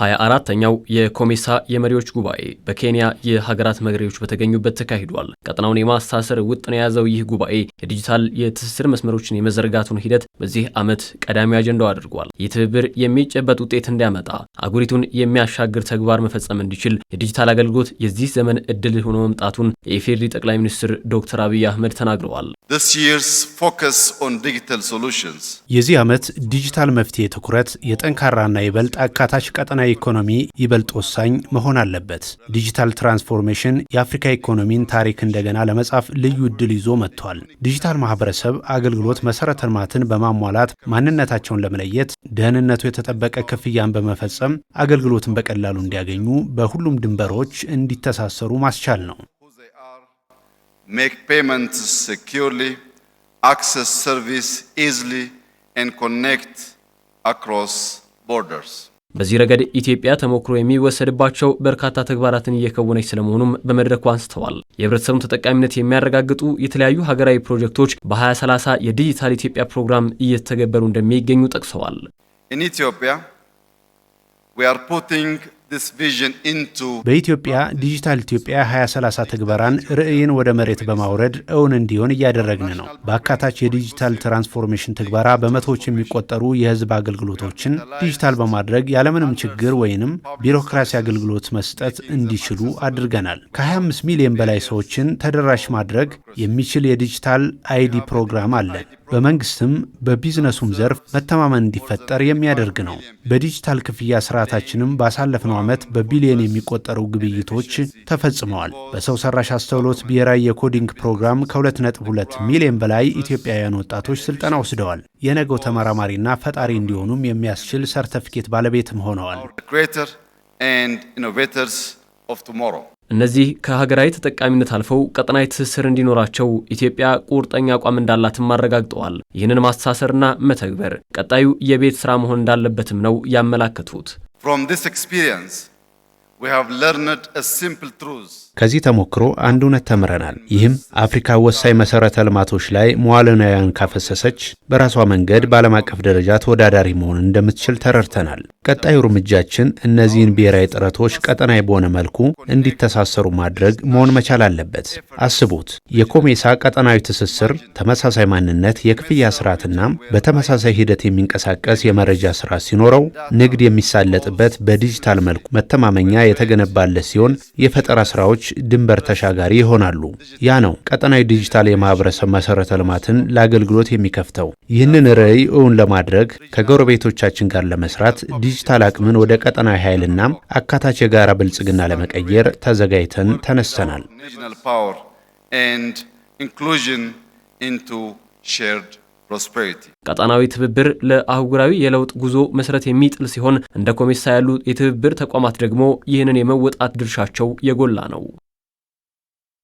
ሀያ አራተኛው የኮሜሳ የመሪዎች ጉባኤ በኬንያ የሀገራት መሪዎች በተገኙበት ተካሂዷል። ቀጠናውን የማስተሳሰር ውጥን የያዘው ይህ ጉባኤ የዲጂታል የትስስር መስመሮችን የመዘርጋቱን ሂደት በዚህ ዓመት ቀዳሚ አጀንዳው አድርጓል። ይህ ትብብር የሚጨበጥ ውጤት እንዲያመጣ አጉሪቱን የሚያሻግር ተግባር መፈጸም እንዲችል የዲጂታል አገልግሎት የዚህ ዘመን እድል ሆኖ መምጣቱን የኢፌዴሪ ጠቅላይ ሚኒስትር ዶክተር አብይ አህመድ ተናግረዋል። የዚህ ዓመት ዲጂታል መፍትሄ ትኩረት የጠንካራና የበልጥ አካታች ቀጠና ኢኮኖሚ ይበልጥ ወሳኝ መሆን አለበት። ዲጂታል ትራንስፎርሜሽን የአፍሪካ ኢኮኖሚን ታሪክ እንደገና ለመጻፍ ልዩ እድል ይዞ መጥቷል። ዲጂታል ማህበረሰብ አገልግሎት መሰረተ ልማትን በማሟላት ማንነታቸውን ለመለየት፣ ደህንነቱ የተጠበቀ ክፍያን በመፈጸም አገልግሎትን በቀላሉ እንዲያገኙ በሁሉም ድንበሮች እንዲተሳሰሩ ማስቻል ነው። ሜክ ፔመንትስ ሴኩርሊ አክሰስ ሰርቪስ በዚህ ረገድ ኢትዮጵያ ተሞክሮ የሚወሰድባቸው በርካታ ተግባራትን እየከወነች ስለመሆኑም በመድረኩ አንስተዋል። የህብረተሰቡን ተጠቃሚነት የሚያረጋግጡ የተለያዩ ሀገራዊ ፕሮጀክቶች በ2030 የዲጂታል ኢትዮጵያ ፕሮግራም እየተገበሩ እንደሚገኙ ጠቅሰዋል። ኢን ኢትዮጵያ ዊ አር ፑቲንግ በኢትዮጵያ ዲጂታል ኢትዮጵያ 2030 ትግበራን ርዕይን ወደ መሬት በማውረድ እውን እንዲሆን እያደረግን ነው። በአካታች የዲጂታል ትራንስፎርሜሽን ትግበራ በመቶዎች የሚቆጠሩ የሕዝብ አገልግሎቶችን ዲጂታል በማድረግ ያለምንም ችግር ወይንም ቢሮክራሲ አገልግሎት መስጠት እንዲችሉ አድርገናል። ከ25 ሚሊዮን በላይ ሰዎችን ተደራሽ ማድረግ የሚችል የዲጂታል አይዲ ፕሮግራም አለን። በመንግስትም በቢዝነሱም ዘርፍ መተማመን እንዲፈጠር የሚያደርግ ነው። በዲጂታል ክፍያ ስርዓታችንም ባሳለፍነው ዓመት በቢሊዮን የሚቆጠሩ ግብይቶች ተፈጽመዋል። በሰው ሰራሽ አስተውሎት ብሔራዊ የኮዲንግ ፕሮግራም ከ2.2 ሚሊዮን በላይ ኢትዮጵያውያን ወጣቶች ስልጠና ወስደዋል። የነገው ተመራማሪና ፈጣሪ እንዲሆኑም የሚያስችል ሰርተፊኬት ባለቤትም ሆነዋል። እነዚህ ከሀገራዊ ተጠቃሚነት አልፈው ቀጠናዊ ትስስር እንዲኖራቸው ኢትዮጵያ ቁርጠኛ አቋም እንዳላትም አረጋግጠዋል። ይህንን ማስተሳሰርና መተግበር ቀጣዩ የቤት ስራ መሆን እንዳለበትም ነው ያመላከቱት። ከዚህ ተሞክሮ አንድ እውነት ተምረናል። ይህም አፍሪካ ወሳኝ መሠረተ ልማቶች ላይ መዋዕለ ካፈሰሰች በራሷ መንገድ በዓለም አቀፍ ደረጃ ተወዳዳሪ መሆን እንደምትችል ተረድተናል። ቀጣዩ እርምጃችን እነዚህን ብሔራዊ ጥረቶች ቀጠናዊ በሆነ መልኩ እንዲተሳሰሩ ማድረግ መሆን መቻል አለበት። አስቡት፣ የኮሜሳ ቀጠናዊ ትስስር ተመሳሳይ ማንነት፣ የክፍያ ስርዓትና በተመሳሳይ ሂደት የሚንቀሳቀስ የመረጃ ስርዓት ሲኖረው ንግድ የሚሳለጥበት በዲጂታል መልኩ መተማመኛ የተገነባለት ሲሆን የፈጠራ ስራዎች ድንበር ተሻጋሪ ይሆናሉ። ያ ነው ቀጠናዊ ዲጂታል የማህበረሰብ መሰረተ ልማትን ለአገልግሎት የሚከፍተው። ይህንን ርዕይ እውን ለማድረግ ከጎረቤቶቻችን ጋር ለመስራት ዲጂታል አቅምን ወደ ቀጠናዊ ኃይልና አካታች የጋራ ብልጽግና ለመቀየር ተዘጋጅተን ተነስተናል። ቀጣናዊ ትብብር ለአህጉራዊ የለውጥ ጉዞ መሰረት የሚጥል ሲሆን እንደ ኮሜሳ ያሉ የትብብር ተቋማት ደግሞ ይህንን የመወጣት ድርሻቸው የጎላ ነው።